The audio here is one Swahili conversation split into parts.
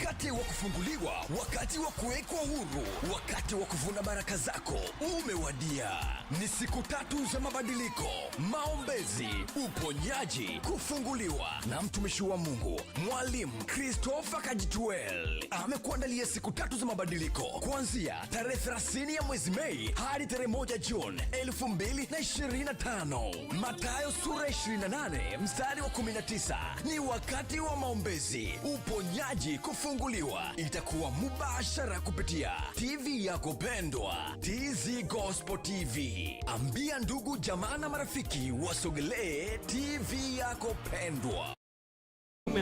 wakati wa kufunguliwa, wakati wa kuwekwa huru, wakati wa kuvuna baraka zako umewadia. Ni siku tatu za mabadiliko, maombezi, uponyaji, kufunguliwa. Na mtumishi wa Mungu Mwalimu Christopher Kajituel amekuandalia siku tatu za mabadiliko kuanzia tarehe 30 ya mwezi Mei hadi tarehe moja Juni 2025. Matayo sura 28 mstari wa 19 ni wakati wa maombezi, uponyaji, kufunguliwa kufunguliwa itakuwa mubashara kupitia TV yako pendwa TZ Gospel TV. Ambia ndugu jamaa na marafiki wasogelee TV yako pendwa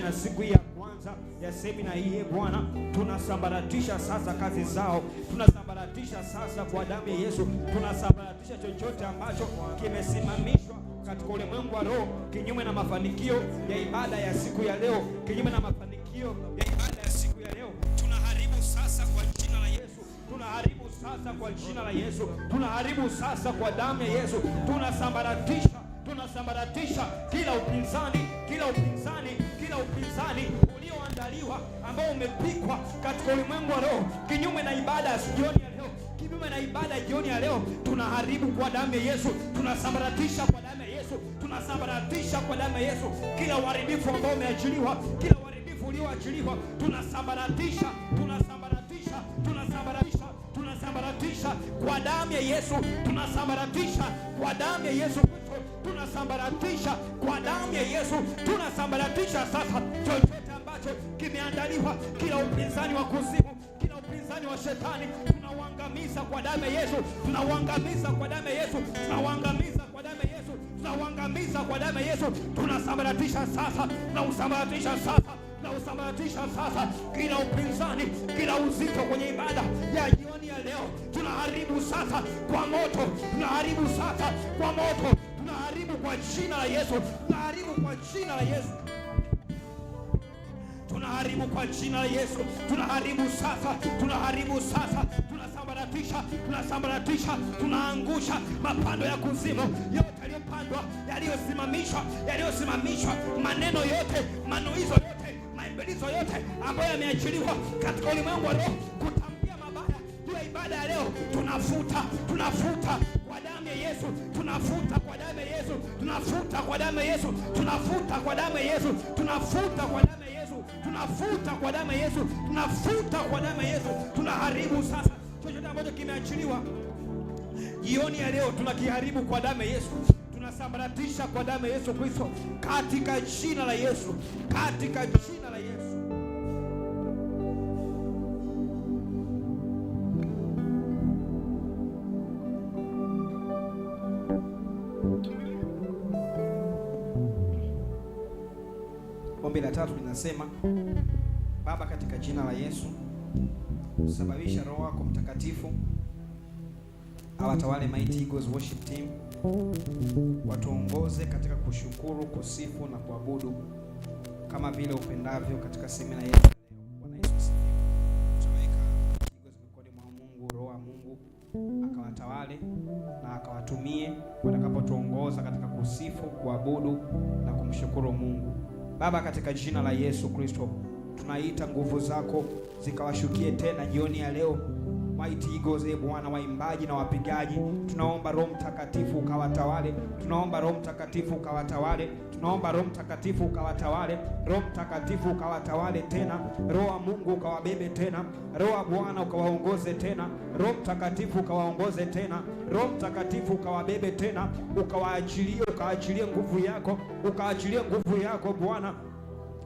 na siku ya kwanza ya semina hii, ye Bwana, tunasambaratisha sasa kazi zao, tunasambaratisha sasa kwa damu ya Yesu, tunasambaratisha chochote ambacho kimesimamishwa katika ulimwengu wa roho kinyume na mafanikio ya ibada ya siku ya leo, kinyume na mafanikio ya ibada sasa kwa jina la Yesu, tunaharibu sasa kwa damu ya Yesu, tunasambaratisha, tunasambaratisha kila upinzani, kila upinzani, kila upinzani ulioandaliwa ambao umepikwa katika ulimwengu wa roho kinyume na ibada ya jioni ya leo, kinyume na ibada ya jioni ya leo, tunaharibu kwa damu ya Yesu, tunasambaratisha kwa damu ya Yesu, tunasambaratisha kwa damu ya Yesu kila uharibifu ambao umeachiliwa, kila uharibifu ulioachiliwa, tunasambaratisha, tunasambaratisha tunasambaratisha kwa damu ya Yesu, tunasambaratisha kwa damu ya Yesu tunasambaratisha kwa damu ya Yesu, tunasambaratisha sasa chochote ambacho kimeandaliwa, kila upinzani wa kuzimu, kila upinzani wa shetani, tunauangamiza kwa damu ya Yesu, tunauangamiza kwa damu ya Yesu, tunauangamiza kwa damu ya Yesu, tunauangamiza kwa damu ya Yesu, tunasambaratisha sasa, tunausambaratisha sasa tunausambaratisha sasa, kila upinzani, kila uzito kwenye ibada ya jioni ya leo tunaharibu sasa kwa moto, tunaharibu sasa kwa moto, tunaharibu kwa jina la Yesu, tunaharibu kwa jina la Yesu tunaharibu kwa jina la Yesu, tunaharibu sasa, tunaharibu sasa, tunasambaratisha, tunasambaratisha, tunaangusha mapando ya kuzimu yote yaliyopandwa, yaliyosimamishwa, yaliyosimamishwa, maneno yote, manuizo yote maagizo yote ambayo yameachiliwa katika ulimwengu wa roho kutamkia mabaya juu ya ibada ya leo, tunafuta, tunafuta kwa damu ya Yesu, tunafuta kwa damu ya Yesu, tunafuta kwa damu ya Yesu, tunafuta kwa damu ya Yesu, tunafuta kwa damu ya Yesu, tunafuta kwa damu ya Yesu, tunafuta kwa damu ya Yesu. Tunaharibu sasa chochote ambacho kimeachiliwa jioni ya leo, tunakiharibu kwa damu ya Yesu tunasambaratisha kwa damu ya Yesu Kristo, katika jina la Yesu, katika jina la Yesu. tatu linasema Baba, katika jina la Yesu, sababisha Roho wako Mtakatifu awatawale Mighty Eagles Worship Team, watuongoze katika kushukuru, kusifu na kuabudu kama vile upendavyo katika semina yetu. Mungu, Roho Mungu akawatawale na akawatumie watakapotuongoza katika kusifu, kuabudu na kumshukuru Mungu. Baba, katika jina la Yesu Kristo, tunaita nguvu zako zikawashukie tena jioni ya leo. Mighty Eagles, e Bwana, waimbaji na wapigaji, tunaomba Roho Mtakatifu ukawatawale, tunaomba Roho Mtakatifu ukawatawale, tunaomba Roho Mtakatifu ukawatawale, Roho Mtakatifu ukawatawale tena, Roho wa Mungu ukawabebe tena, Roho wa Bwana ukawaongoze tena, Roho Mtakatifu ukawaongoze tena, Roho Mtakatifu ukawabebe tena, ukawaachilie, ukawaachilie nguvu yako, ukaachilie nguvu yako Bwana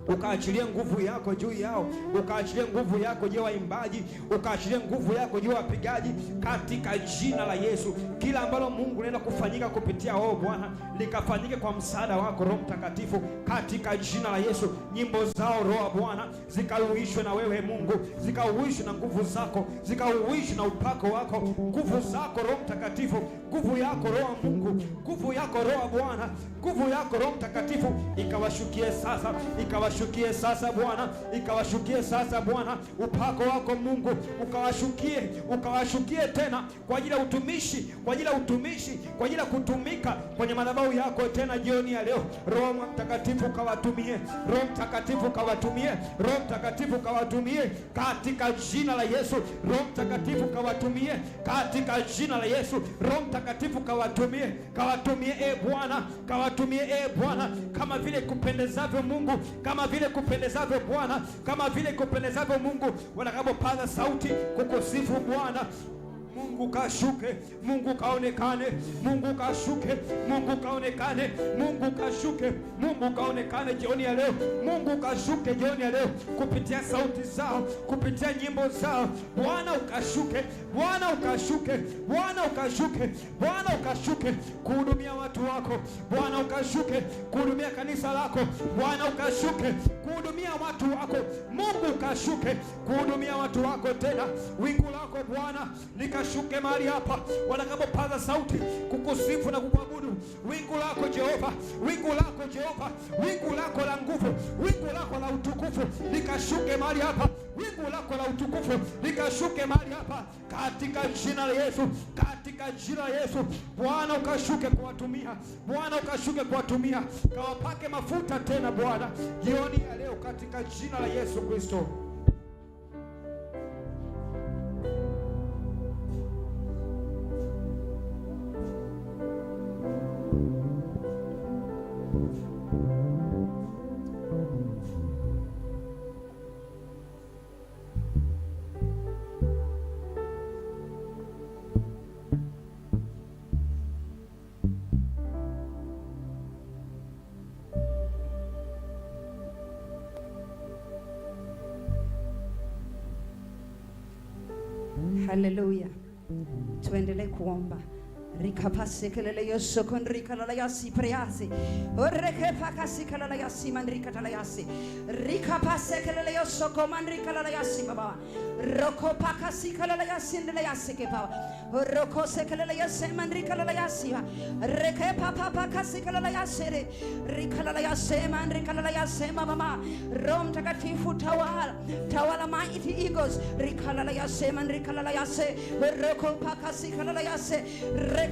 ukaachilie nguvu yako juu yao, ukaachilie nguvu yako juu ya waimbaji, ukaachilie nguvu yako juu ya wapigaji, katika jina la Yesu. Kila ambalo Mungu naenda kufanyika kupitia wao Bwana, likafanyike kwa msaada wako Roho Mtakatifu, katika jina la Yesu. Nyimbo zao Roho Bwana zikauishwe na wewe Mungu, zikauishwe na nguvu zako, zikauishwe na upako wako, nguvu zako Roho Mtakatifu, nguvu yako Roho Mungu, nguvu yako Roho Bwana, nguvu yako Roho Mtakatifu ikawashukie sasa, ikawa ikawashukie sasa Bwana, ikawashukie sasa Bwana, upako wako Mungu ukawashukie, ukawashukie tena kwa ajili ya utumishi, kwa ajili ya utumishi, kwa ajili ya kutumika kwenye madhabahu yako tena jioni ya leo. Roho Mtakatifu kawatumie, Roho Mtakatifu kawatumie, Roho Mtakatifu kawatumie katika jina la Yesu. Roho Mtakatifu kawatumie katika jina la Yesu. Roho Mtakatifu kawatumie, kawatumie e Bwana, kawatumie e Bwana, kama vile kupendezavyo Mungu kama kama vile kupendezavyo Bwana, kama vile kupendezavyo Mungu, wanakapopaza sauti kukusifu Bwana. Mungu kashuke, Mungu kaonekane, Mungu kashuke, Mungu kaonekane, Mungu kashuke, Mungu kaonekane jioni ya leo, Mungu kashuke jioni ya leo, kupitia sauti zao, kupitia nyimbo zao. Bwana ukashuke, Bwana ukashuke, Bwana ukashuke, Bwana ukashuke kuhudumia watu wako, Bwana ukashuke kuhudumia kanisa lako, Bwana ukashuke kuhudumia watu wako, Mungu ukashuke kuhudumia watu wako, tena wingu lako Bwana likashuke washuke mahali hapa, watakapopaza sauti kukusifu na kukuabudu. Wingu lako Jehova, wingu lako Jehova, wingu lako la nguvu, wingu lako la utukufu likashuke mahali hapa wingu lako la utukufu likashuke mahali hapa katika jina la Yesu, katika jina la Yesu. Bwana ukashuke kuwatumia, Bwana ukashuke kuwatumia, kawapake mafuta tena Bwana jioni ya leo, katika jina la Yesu Kristo. Haleluya, tuendelee kuomba rikapase kelele yoso konrika lalayasi preyasi oreke pakasi kalalayasi mandrika talayasi rikapase kelele yoso komandrika lalayasi baba roko pakasi kalalayasi ndalayasi ke baba roko se kelele yose mandrika lalayasi reke papa pakasi kalalayasi re rikalayasi mandrika lalayasi mama Roho Mtakatifu tawala tawala mighty eagles rikalayasi mandrika lalayasi roko pakasi kalalayasi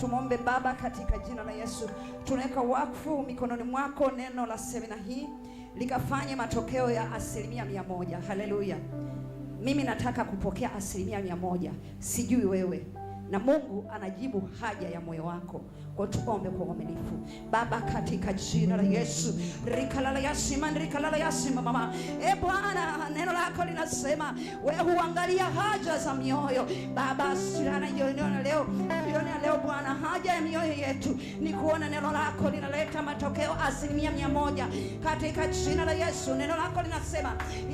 Tumwombe Baba katika jina la Yesu, tunaweka wakfu mikononi mwako neno la semina hii likafanye matokeo ya asilimia mia moja. Haleluya! Mimi nataka kupokea asilimia mia moja, sijui wewe na Mungu anajibu haja ya moyo wako. Kwa tuombe kwa uaminifu. Baba, katika jina la Yesu rikalala yasima rikalala yasima mama. E Bwana, neno lako linasema wewe huangalia haja za mioyo Baba. Sirana jioni leo, jioni leo Bwana, haja ya mioyo yetu ni kuona neno lako linaleta matokeo asilimia mia moja katika jina la Yesu. Neno lako linasema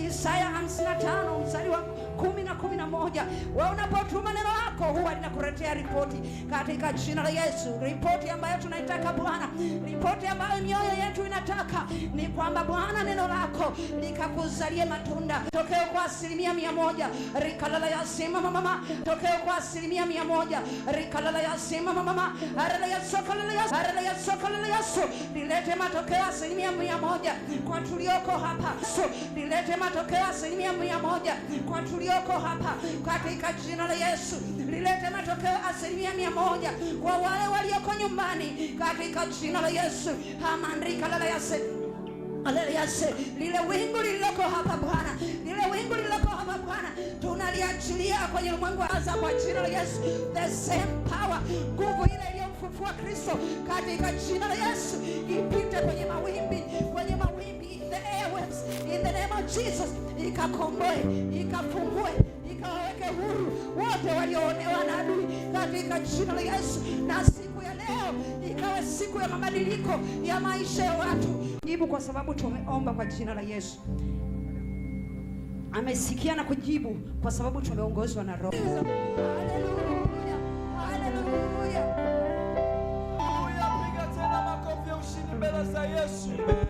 Isaya 55 mstari wa 10 na 11, wewe unapotuma neno lako huwa linaku kutuletea ripoti katika jina la Yesu. Ripoti ambayo tunaitaka Bwana, ripoti ambayo mioyo yetu inataka ni kwamba Bwana, neno lako likakuzalie matunda, tokeo kwa asilimia mia moja rikalala yasema mama, tokeo kwa asilimia mia moja rikalala yasema mama, arala ya ya ya sokalala sokalala arala ya yaso, lilete matokeo asilimia mia moja kwa tulioko hapa, lilete matokeo asilimia mia moja kwa tulioko hapa katika jina la Yesu lilete matokeo asilimia mia moja kwa wale walioko nyumbani katika jina la Yesu. Hamandrika lala yase Aleliyase, lile wingu lililoko hapa Bwana, lile wingu lililoko hapa Bwana, tunaliachilia kwenye ulimwengu wa aza kwa jina la Yesu, the same power, nguvu ile iliyomfufua Kristo katika jina la Yesu ipite kwenye mawimbi, kwenye mawimbi, in the airwaves, in the name of Jesus, ikakomboe, ikafungue awaweke huru wote walioonewa na adui katika jina la Yesu. Na siku ya leo ikawa siku ya mabadiliko ya maisha ya watu, jibu kwa sababu tumeomba kwa jina la Yesu. Amesikia na kujibu kwa sababu tumeongozwa na Roho. Haleluya.